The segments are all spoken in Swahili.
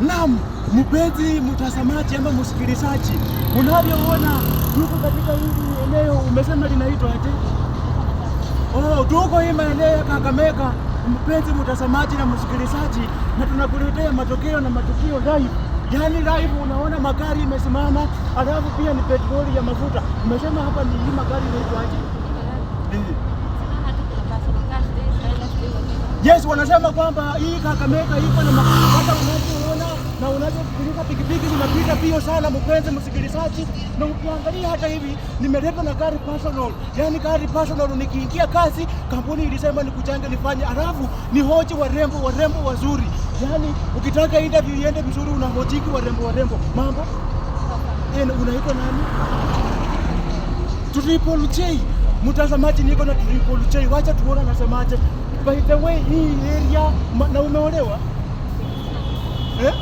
Naam, mpenzi mtazamaji ama msikilizaji, unavyoona tuko katika hili eneo, umesema linaitwa aje? Oh, tuko hii maeneo ya Kakamega, mpenzi mtazamaji na msikilizaji, na tunakuletea matokeo na matukio live Yaani live unaona magari imesimama, alafu pia ni petroli ya mafuta. Umesema hapa ni hii magari aje? Yes, wanasema kwamba hii Kakamega iko na mafuta na unazokuruka pikipiki zinapita pio sana, mpenzi msikilizaji. Na ukiangalia hata hivi nimeleta na gari personal, yani gari personal. Nikiingia kazi kampuni ilisema nikuchange nifanye, alafu ni hoji warembo warembo wazuri, yani ukitaka interview iende vizuri una unahojiki warembo warembo. Mambo unaitwa nani? Triple J. Mtazamaji, niko na Triple J, wacha tuona anasemaje. By the way, hii area na umeolewa eh?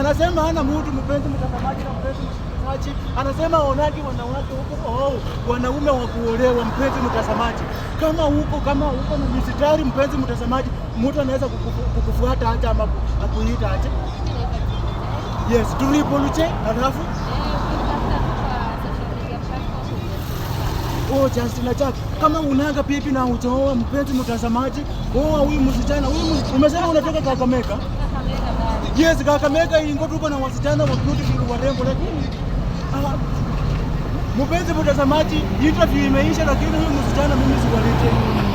anasema hana mtu mpenzi mtazamaji na mpenzi msikilizaji, anasema waonaje wanawake huko oh, wanaume wa kuolewa. Mpenzi mtazamaji, kama huko kama huko na misitari, mpenzi mtazamaji, mtu anaweza kukufuata hata ama akuita hata yes, tulipoluche halafu Oh, Justina Jack, kama unaga pipi na ujaoa, mpenzi mtazamaji, oa oh, huyu msichana huyu. Umesema unatoka Kakamega. Yes, Kakamega ilingo tuko na wasichana wa beautiful warembo, lakini ah, mpenzi mtazamaji, interview imeisha, lakini huyu msichana mimi siwalete